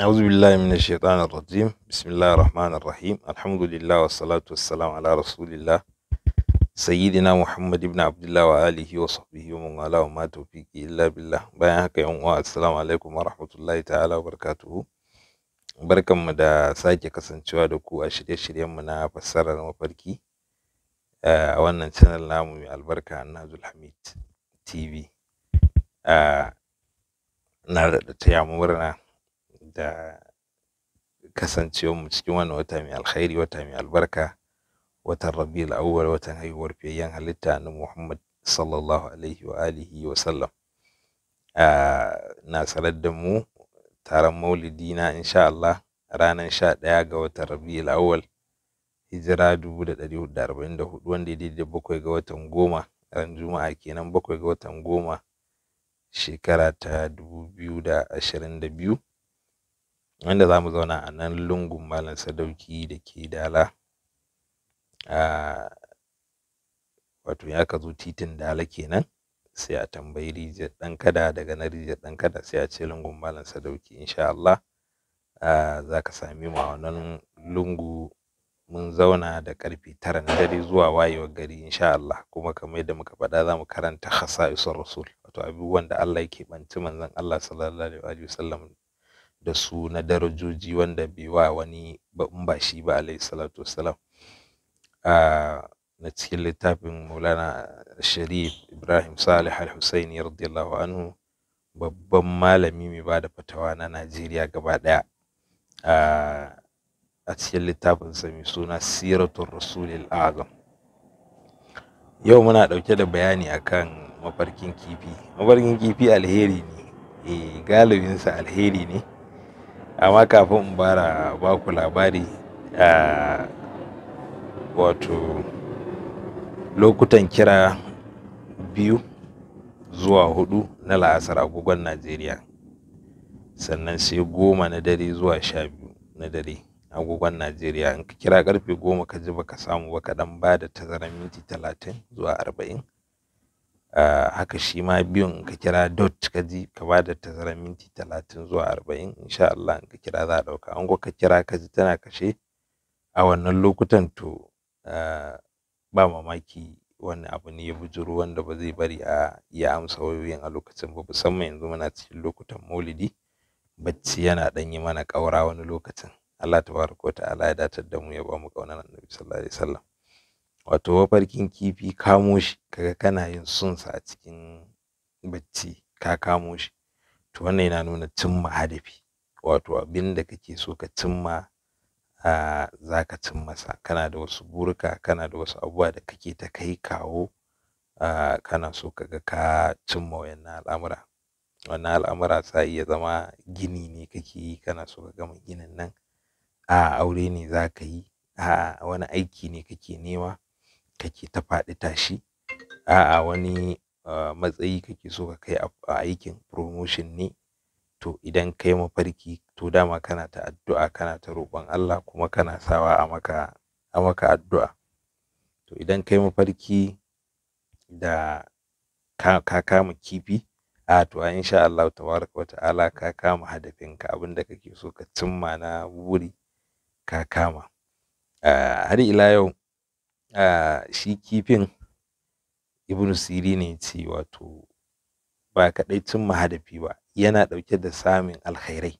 أعوذ بالله من الشيطان الرجيم بسم الله الرحمن الرحيم الحمد لله والصلاة والسلام على رسول الله سيدنا محمد بن عبد الله وآله وصحبه ومن والاه وما إلا بالله bayan haka yan uwa assalamu alaikum wa rahmatullahi ta'ala wa barkan mu da sake kasancewa da ku a shirye mu na fassarar mafarki a wannan channel namu mai albarka Nazul Hamid TV na murna da mu cikin wannan wata mai alkhairi wata mai albarka watan rabiul awwal watan haihuwar fiyayyen halitta na muhammad sallallahu alaihi wa alihi wa sallam na sanar da mu taron maulidi na insha Allah ranar sha ɗaya ga watan rabiul awwal hijira dubu da hudu da arba'in da hudu wanda ya daidai bakwai ga watan goma ran juma'a kenan bakwai ga watan goma shekara ta dubu biyu da ashirin da biyu wanda za mu zauna a nan lungun malam sadauki da ke dala wato ya ka zo titin dala kenan sai a tambayi rijiyar ɗan kada daga na rijiyar ɗan kada sai a ce lungun malam sadauki insha Allah za ka sami mu a wannan lungu mun zauna da karfe tara na dare zuwa wayewar gari insha Allah kuma kamar yadda muka faɗa za mu karanta khasa'isul rasul wato abubuwan da Allah yake banci manzon Allah sallallahu alaihi wasallam da su na darajoji wanda bai wa wani ba ba shi ba alayhi salatu a na cikin littafin maulana sharif ibrahim salih al-husaini radiyallahu anhu babban malami mai ba da fatawa na najeriya gaba daya a cikin littafin mai suna siratun rasulil azam yau muna dauke da bayani akan mafarkin kifi mafarkin kifi alheri ne eh, galibinsa alheri ne amma kafin in bara ba ku labari a wato lokutan kira biyu zuwa hudu na la'asar agogon najeriya sannan sai goma na dare zuwa sha biyu na dare agogon najeriya in kira karfe goma ka ji baka samu ba ka dan ba da tazarar minti talatin zuwa arba'in Eh, haka shi ma biyun ka kira dot ka ji ka ba da tazarar minti talatin zuwa arba'in insha Allah ka kira za a ɗauka an ka kira ka ji tana kashe a wannan lokutan to eh, ba mamaki wani abu ne ya bujuru wanda ba zai bari a ya amsa wayoyin a lokacin ba musamman yanzu muna cikin lokutan maulidi bacci yana ɗan yi mana ƙaura wani lokacin Allah Ta wa ta'ala ya datar da mu ya ba mu ƙaunar annabi sallallahu alaihi wasallam wato mafarkin kifi kamo shi kaga kana yin sun sa a cikin bacci ka kamo shi to wannan yana nuna cimma hadafi wato abin da kake so ka cimma a za ka cimma sa kana da wasu burka kana da wasu abubuwa da kake ta kai kawo a kana so ka ga ka cimma wayannan al'amura wannan al'amura sa iya zama gini ne kake yi kana so ka gama ginin nan a aure ne za ka yi a wani aiki ne kake nema kake ta faɗi tashi a'a wani ah, matsayi kake so ka kai a aikin promotion ne to idan kai mafarki to dama kana ta addu'a kana ta roƙon Allah kuma kana sawa a maka a maka addu'a to idan kai mafarki da ka kama kifi a to a insha Allah tabaraka wa ta'ala ka kama ka abinda kake so ka cimma na buri ka kama ah, har ila yau shi kifin ibn siri ne ce wato ba kaɗai cin mahadafi ba yana ɗauke da samun alkhairai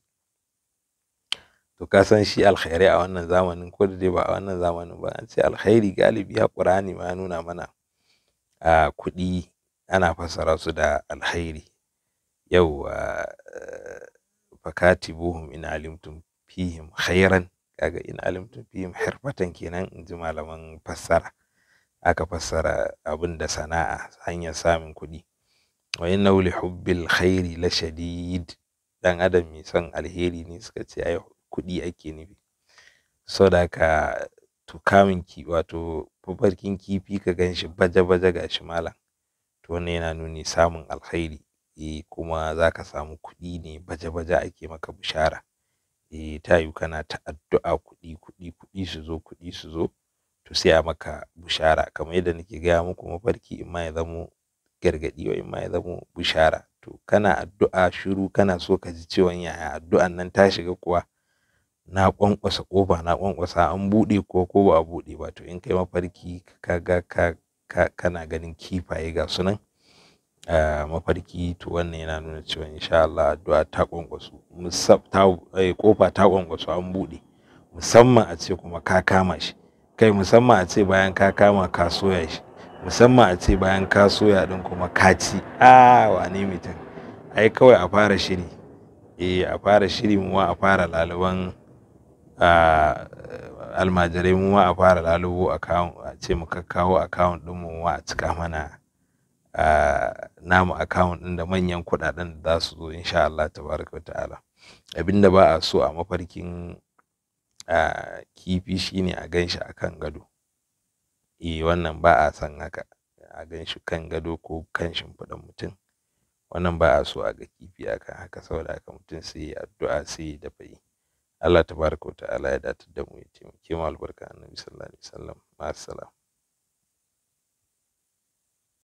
to ka san shi alkhairai a wannan zamanin ko da dai ba a wannan zamanin ba an ce alkhairi galibi a ƙur'ani ma nuna mana a kuɗi ana fassara su da alkhairi yau fakatibuhum ina alimtum fihim khairan kaga in tun fihim hirfatan kenan in ji malaman fassara aka fassara abin da sana'a hanyar samun kuɗi wa inna li hubbil khairi la shadid dan adam mai son alheri ne suka ce ai kuɗi ake nufi so da ka to kamin ki wato fafarkin kifi ka ganshi baje baje gashi malam to wannan yana nuni samun alkhairi E kuma zaka samu kuɗi ne baje baje ake maka bishara eh ta yiwu kana ta addu'a kuɗi kuɗi kuɗi su zo kuɗi su zo to sai a maka bushara kamar yadda nake gaya muku mafarki in ma ya zamo gargaɗi wa in ma ya zamo bushara to kana addu'a shiru kana so ka ji cewa yaya addu'an nan ta shiga kuwa na kwankwasa kofa na kwankwasa an buɗe ko ko ba a buɗe ba to in kai mafarki ka ga ka kana ganin kifaye ga sunan mafarki to wannan yana nuna cewa insha Allah addu'a ta kwankwaso kofa ta kongwasu eh, an buɗe musamman a ce kuma ka kama shi kai musamman a ce bayan ka kama ka soya shi musamman a ce bayan ka soya din kuma ka ci a wane mutum ai kawai a fara shiri eh a fara shiri mu a fara laluban almajirai mu a fara lalubo a ce mu kakkawo akawun ɗin mu a cika mana namu account ɗin da manyan kuɗaɗen da za su zo insha Allah tabaraka ta'ala da ba a so a mafarkin kifi shine a ganshi akan gado eh wannan ba a san haka a ganshi kan gado ko kan shimfiɗan mutum wannan ba a so a ga kifi akan haka saboda haka mutum sai ya addu'a sai ya dafa yi Allah tabaraka ta'ala ya datar da mu ya taimake mu albarka annabi sallallahu alaihi wasallam ma'assalam